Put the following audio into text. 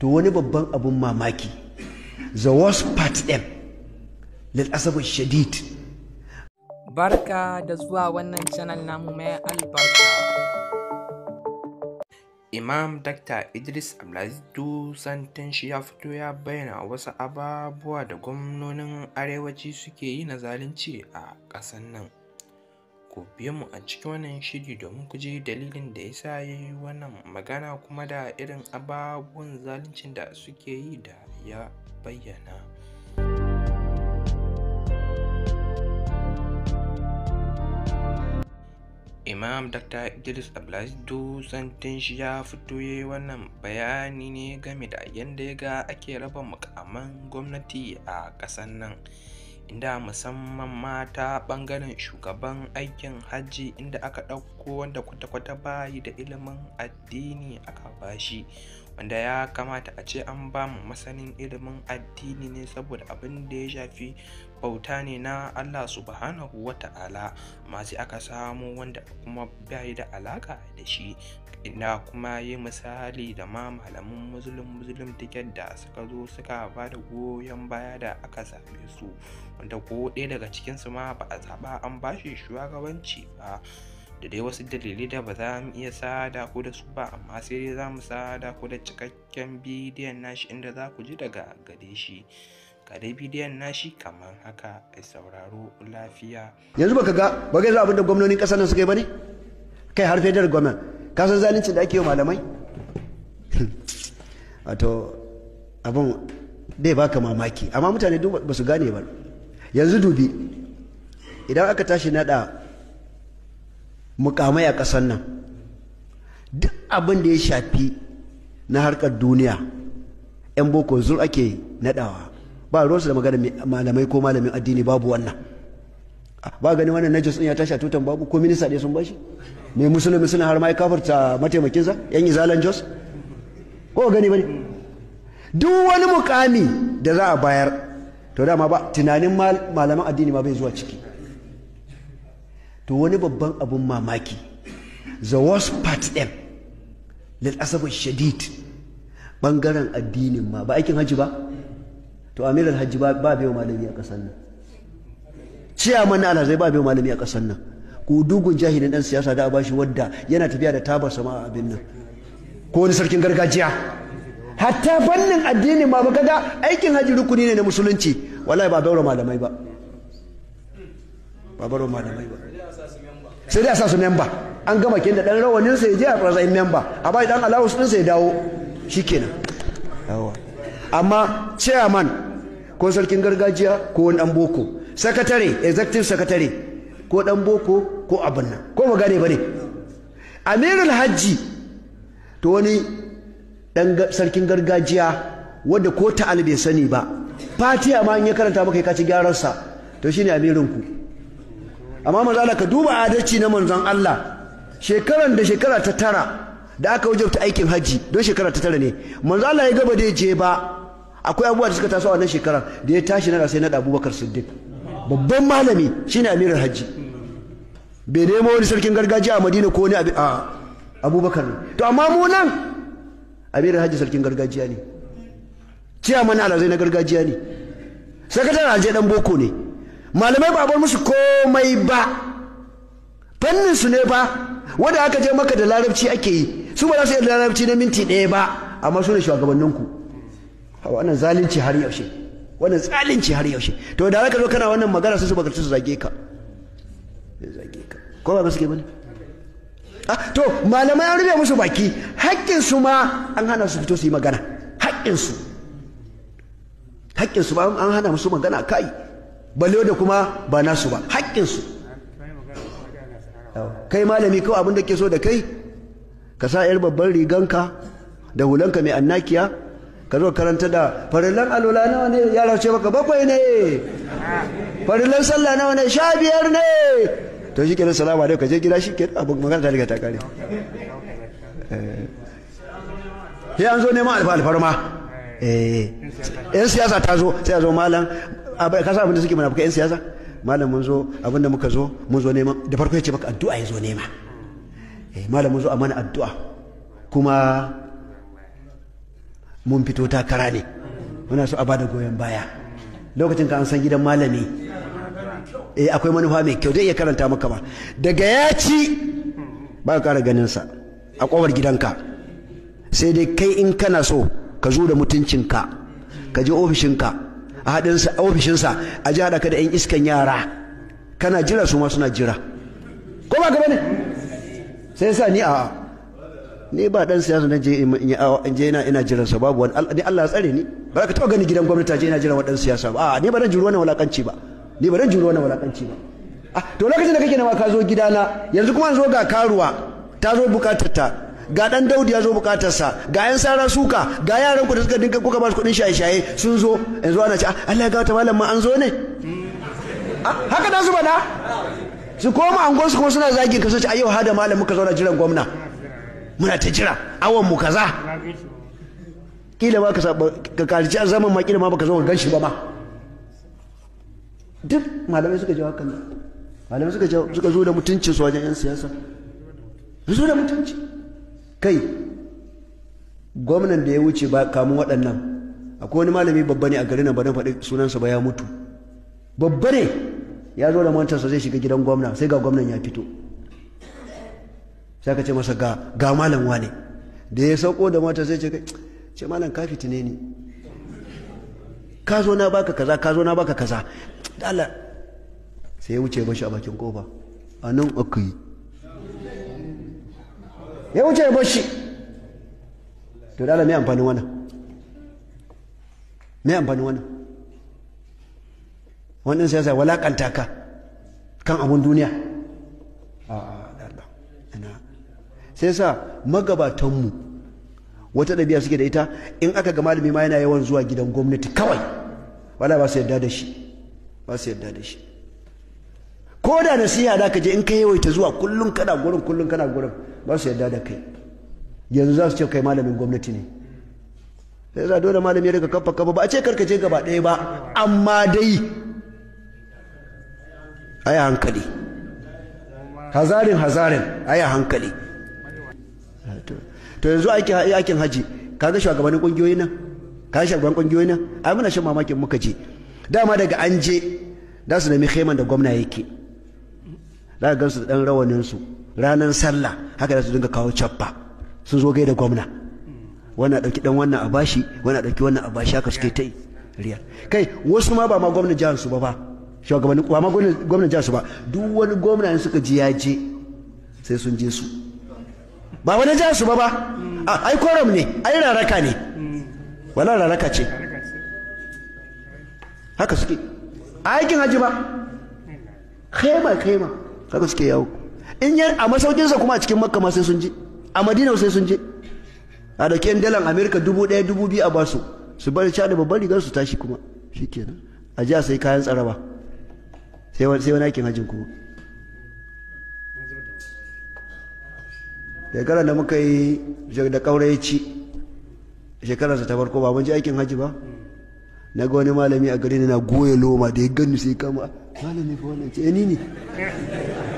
to wani babban abun mamaki the worst part ɗin lil asabar shadid barka da zuwa wannan channel namu mai albarka imam dr idris abdulaziz santin shi ya fito ya bayyana wasu ababuwa da gwamnonin arewaci suke yi na zalunci a ƙasar nan ku biyo mu a cikin wannan shiri domin ku ji dalilin da ya sa ya yi wannan magana kuma da irin ababuwan zaluncin da suke yi da ya bayyana. Imam Dr. Idris Abdulaziz santin shi ya fito ya yi wannan bayani ne game da yadda ya ga ake raba mukaman gwamnati a ƙasar nan. inda musamman mata bangaren ɓangaren shugaban aikin hajji inda aka ɗauko wanda kwata-kwata bayi da ilimin addini aka bashi wanda ya kamata a ce an ba mu masanin ilimin addini ne saboda abin da ya shafi bauta ne na Allah subhanahu wa ta'ala amma aka samu wanda kuma bayi da alaka da shi ina kuma yi misali da ma malamin muslim muslim ticket da suka zo suka ba da goyon baya da aka same su wanda ko ɗaya daga cikinsu ma ba a zaɓa an ba shi shugabanci ba da dai wasu dalilai da ba za mu iya sada ku da su ba amma sai dai za mu sada ku da cikakken bidiyon nashi inda za ku ji daga gare shi kare dai bidiyon nashi kamar haka a sauraro lafiya yanzu baka ga ba ga abin da gwamnonin kasar nan suka yi bane kai har federal gwamnan ka san zalunci da ake yi malamai wato abin ba baka mamaki amma mutane duk ba su gane ba yanzu dubi idan aka tashi naɗa. mukamai a ƙasar nan duk abin da ya shafi na harkar duniya 'yan boko zur ake naɗawa ba ruwansu da magana malamai ko malamin addini babu wannan ba gani wannan najis din ya tasha tutan babu ko minista ɗaya sun bashi mai musulmi suna har mai ya kafarta mataimakinsa yan izalan jos ko gani bane duk wani mukami da za a bayar to dama ba tunanin malaman addini ma bai zuwa ciki to wani babban abun mamaki the worst part ɗin lil asabar shadid ɓangaren addinin ma ba aikin hajji ba to amiral hajji ba biyo malami a ƙasar nan mana ala alhazai ba biyo malami a ƙasar nan dugun jahilin ɗan siyasa da bashi wadda yana tafiya da tabar sama a abin nan ko wani sarkin gargajiya hatta fannin addini ma ba kaga aikin hajji rukuni ne na musulunci wallahi ba bauro malamai ba ba bauro malamai ba sai dai a sa su memba an gama kin da dan rawanin sa ya je a matsayin memba a bai dan allowance din sa dawo shikenan yawa amma chairman ko sarkin gargajiya ko wani dan boko sakatare executive sakatare ko dan boko ko abin nan ko ba gane bane amirul hajji to wani dan sarkin gargajiya wanda ko ta bai sani ba fatiya ma in ya karanta maka ya ci gyaran sa to shine amirinku ku amma manzo Allah ka duba adalci na manzon Allah shekaran da shekara ta tara da aka wajabta aikin haji don shekara ta tara ne manzo Allah ya gaba da je ba akwai abubuwa da suka taso a wannan shekarar da ya tashi na sai na Abubakar Siddiq babban malami shine amirin haji bai nemo wani sarkin gargajiya a Madina ko ne a Abubakar ne to amma mu nan amirin haji sarkin gargajiya ne ciyaman alazai na gargajiya ne sakataren alazai dan boko ne malamai ba bar musu komai ba fannin su ne ba wanda aka je maka da larabci ake yi su ba za su iya larabci na minti ɗaya ba amma su ne shugabannin ku a wannan zalunci har yaushe wannan zalunci har yaushe to da zaka zo kana wannan magana sai su ba su zage ka zage ka ko ba ke bane ah, to malamai an rufe musu baki haƙƙin su ma an hana su fito su yi magana haƙƙin su haƙƙin su ba an hana musu magana kai balle da kuma ba nasu ba haƙƙinsu kai malami kawai abin da ke so da kai ka sa yar babban riganka da hulanka mai annakiya ka zo karanta da farillan alola nawa ne yara ce maka bakwai ne farillan sallah nawa ne sha biyar ne to shi kenan salama alaikum kaje gida shi kenan abin magana ta riga ta kare eh ya zo neman alfarma eh yan siyasa ta zo sai zo malam ka san abin da suke munafukai yan siyasa malam mun zo abin da muka zo mun zo neman da farko ya ce maka addu'a ya zo nema eh, malam mun zo a mana addu'a kuma mun fito takara ne muna so a bada goyon baya lokacin ka an san gidan malami eh akwai manufa mai kyau zai iya karanta maka ba daga ya ci ba ka kara ganin sa a kowar gidanka sai dai kai in kana so ka zo da mutuncinka ka je ofishinka a haɗin ofishinsa a ji haɗa ka da 'yan iskan yara kana jira su ma suna jira ko ba gaba ne sai sa ni a ni ba ɗan siyasa na je ina ina jiran sa babu wani ni Allah ya tsare ni ba ka taɓa gani gidan gwamnati je ina jiran ɗan siyasa ba ni ba dan juro wannan walakanci ba ni ba dan juro wannan walakanci ba ah, to lokacin da kake nawa ka zo gidana yanzu kuma zo ga karuwa ta zo bukatar ta ga dan daudi ya zo bukatarsa ga yan sara suka ga yaran ku da suka dinka kuka ba su kudin shaye-shaye sun zo yanzu ana ce ah, Allah ya gawata malam ma an zo ne ah, haka da su bada su koma an gosu kuma suna zagi ka sace ayyau hada malam muka zauna jiran gwamna muna ta jira awon mu kaza kila ba ka karici a zaman ma kila ma baka zo ka ganshi ba ma duk malamai suka jawo kan malamai suka zo da mutuncin su wajen yan siyasa zo da mutunci kai gwamnan da ya wuce ba kamun waɗannan akwai wani malami babba ne a garin na ba na faɗi sunansa ba ya mutu babba ne ya zo da mantarsa zai shiga gidan gwamna sai ga gwamnan ya fito sai ka ce masa ga ga malam wane da ya sauko da mata sai ce ce malam ka fitine ni ka zo na baka kaza ka zo na baka kaza Allah sai ya wuce bashi a bakin kofa a nan aka yi ya wuce ya bashi to da mai amfanin wannan mai amfanin wannan wannan siyasa walakanta ka kan abun duniya sai sa magabatanmu wata ɗabi'a suke da ita in aka ga malami ma yana yawan zuwa gidan gwamnati kawai wala ba su yarda da shi ba su yarda da shi ko da nasiya da ka je in ka yawaita zuwa kullum kana gurin kullum kana gurin ba su yarda da kai yanzu za su ce kai malamin gwamnati ne sai za dole malami ya daga kafa kafa ba a ce karkace gaba ɗaya ba amma dai a yi hankali hazarin hazarin a yi hankali to yanzu aikin haji kaga shugabannin ƙungiyoyi nan kaga shugaban ƙungiyoyi nan ai muna shan mamakin muka je dama daga an je za su nemi khaiman da gwamna yake za ka gansu da ɗan rawaninsu ranar sallah haka da su dinga kawo cappa sun zo da gwamna wani a ɗauki ɗan wannan a bashi wani a ɗauki wannan a bashi haka suke ta yi riyar kai wasu ma ba ma gwamnan jihar su ba ba shugabanni ba ma gwamnan jihar su ba duk wani gwamna in suka ji ya je sai sun je su ba wani jihar su ba ba ai koram ne ai raraka ne wala raraka ce haka suke aikin haji ba khema khema haka suke yawo in yan a masaukinsa kuma a cikin makka ma sai sun je a madina sai sun je a dauki yan dalan amerika dubu ɗaya dubu biyu a basu su bari cha da babban rigar su tashi kuma shikenan a ji a sai kayan tsaraba sai wani sai wani aikin hajjin kuma shekarar da muka yi da kaurayi ci shekararsa ta farko ba mun ji aikin hajji ba na ga wani malami a gari na goya loma da ya gani sai kama malami fa wannan ce eh, ni ne